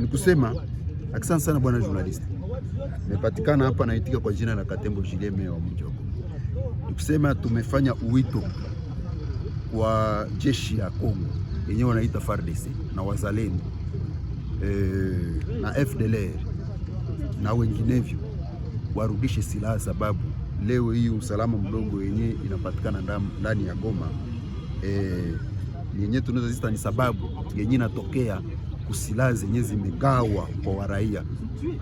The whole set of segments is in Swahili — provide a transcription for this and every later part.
ni kusema asante sana bwana journalist. Nimepatikana hapa naitika kwa jina la Katembo Julien, meya wa mji wa Goma. Ni kusema tumefanya uwito kwa jeshi ya Kongo yenyewe wanaita FARDC na wazalendo e, na FDLR na wenginevyo warudishe silaha, sababu leo hii usalama mdogo yenyewe inapatikana ndani ya Goma e, yenye tunaweza zita ni sababu yenye inatokea kusilaha zenye zimegawa kwa waraia.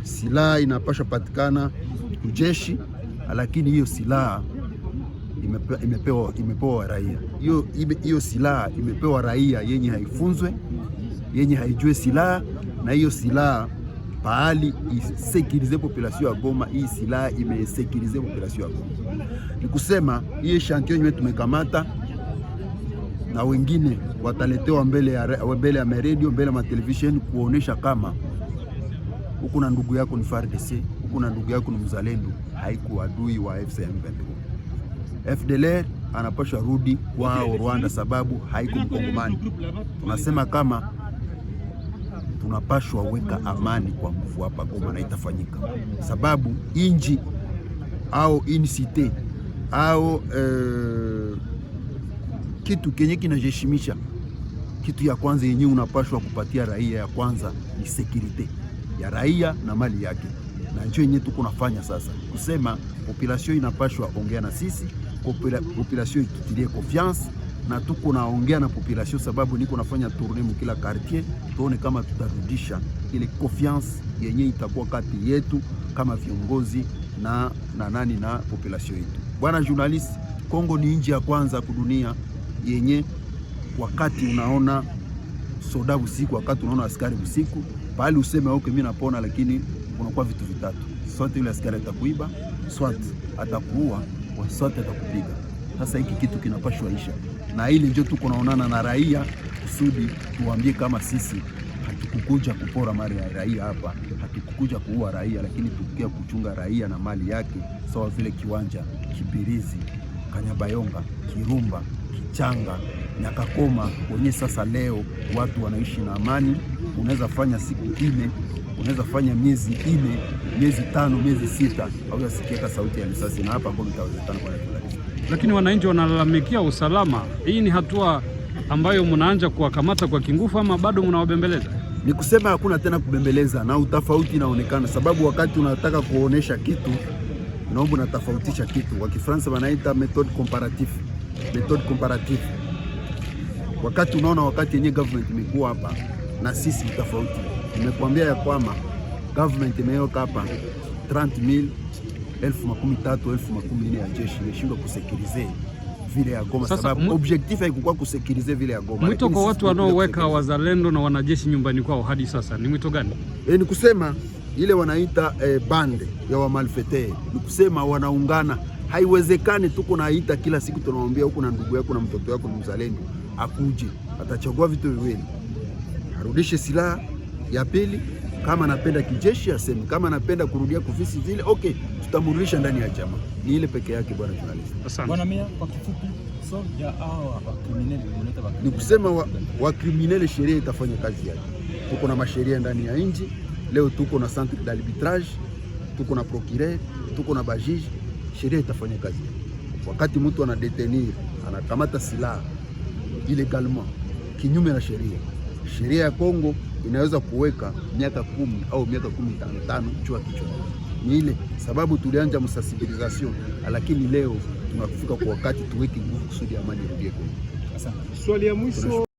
Silaha inapasha patikana kujeshi, lakini hiyo silaha imepewa, imepewa, imepewa Hiyo hiyo silaha imepewa raia yenye haifunzwe yenye haijue silaha, na hiyo silaha pahali isekirize population ya Goma. Hii silaha imesekirize population ya Goma, nikusema hii shantion yenyewe tumekamata na wengine wataletewa mbele ya, mbele ya maredio mbele ya matelevisheni kuonesha kama huku na ndugu yako ni FARDC, huku na ndugu yako ni mzalendo, haiku adui wa FCM23. FDLR anapashwa rudi kwao Rwanda, sababu haiku mkongomani. Tunasema kama tunapashwa weka amani kwa nguvu hapa Goma, na itafanyika sababu inji au incite au eh, kitu kenye kinajeshimisha Kitu ya kwanza yenyewe unapashwa kupatia raia ya kwanza ni sekurite ya raia na mali yake, na njo yenye tuko nafanya sasa, kusema population inapashwa ongea na sisi, population ikitilie confiance na tuko naongea na population sababu niko nafanya tourne mukila quartier, tuone kama tutarudisha ile confiance yenye itakuwa kati yetu kama viongozi na, na nani na population yetu. Bwana journalist, Kongo ni nchi ya kwanza kudunia yenye wakati unaona soda usiku, wakati unaona askari usiku bali useme okay, mimi napona, lakini unakuwa vitu vitatu: sote yule askari atakuiba, swat atakuua, swat atakupiga. Sasa hiki kitu kinapashwa isha, na ili ndio tu kunaonana na raia kusudi tuambie kama sisi hatukukuja kupora mali ya raia hapa, hatukukuja kuua raia, lakini tukia kuchunga raia na mali yake, sawa vile kiwanja Kibirizi Kanyabayonga, Kirumba, Kichanga, Nyakakoma wenye sasa leo watu wanaishi na amani. Unaweza fanya siku ine unaweza fanya miezi ine miezi tano, miezi sita, haujasikia sauti ya risasi, na hapa kwa mtawezekana kwa lakini wananchi wanalalamikia usalama. Hii ni hatua ambayo mnaanza kuwakamata kwa kingufu ama bado mnawabembeleza? Ni kusema hakuna tena kubembeleza, na utofauti unaonekana, sababu wakati unataka kuonesha kitu naomba natofautisha kitu, kwa Kifaransa wanaita method comparative. Method comparative, wakati unaona, wakati yenye government imekuwa hapa na sisi tofauti. Nimekuambia ya kwamba government imeweka hapa 30000 elfu makumi tatu elfu makumi nne ya jeshi imeshindwa kusekirize vile ya Goma, sababu objectif haikukuwa kusekirize vile ya Goma. Mwito kwa watu wanaoweka wazalendo na wanajeshi nyumbani kwao hadi sasa ni mwito gani? E, ni kusema ile wanaita eh, bande ya wamalfete, ni kusema wanaungana. Haiwezekani, tuko naita kila siku tunamwambia huku na ndugu yako na mtoto yako ni mzalendo, akuje atachagua vitu viwili, arudishe silaha ya pili kama anapenda kijeshi aseme, kama anapenda kurudia kufisi zile okay, tutamrudisha ndani ya chama. Ni ile peke yake, bwana journalist. Bwana Mia, kwa kifupi, so ya hawa wakriminali ni kusema kriminali, sheria itafanya kazi yake. Tuko na masheria ndani ya nchi. Leo tuko na centre d'arbitrage, tuko na procureur, tuko na bajiji. Sheria itafanya kazi. Wakati mtu ana detenir anakamata silaha illegalement kinyume na sheria, sheria ya Kongo inaweza kuweka miaka kumi au miaka kumi tano tano chua kichwa. Ni ile sababu tulianja msensibilisation, lakini leo tunafika kwa wakati tuweke nguvu kusudi amani irudie Kongo. Swali ya mwisho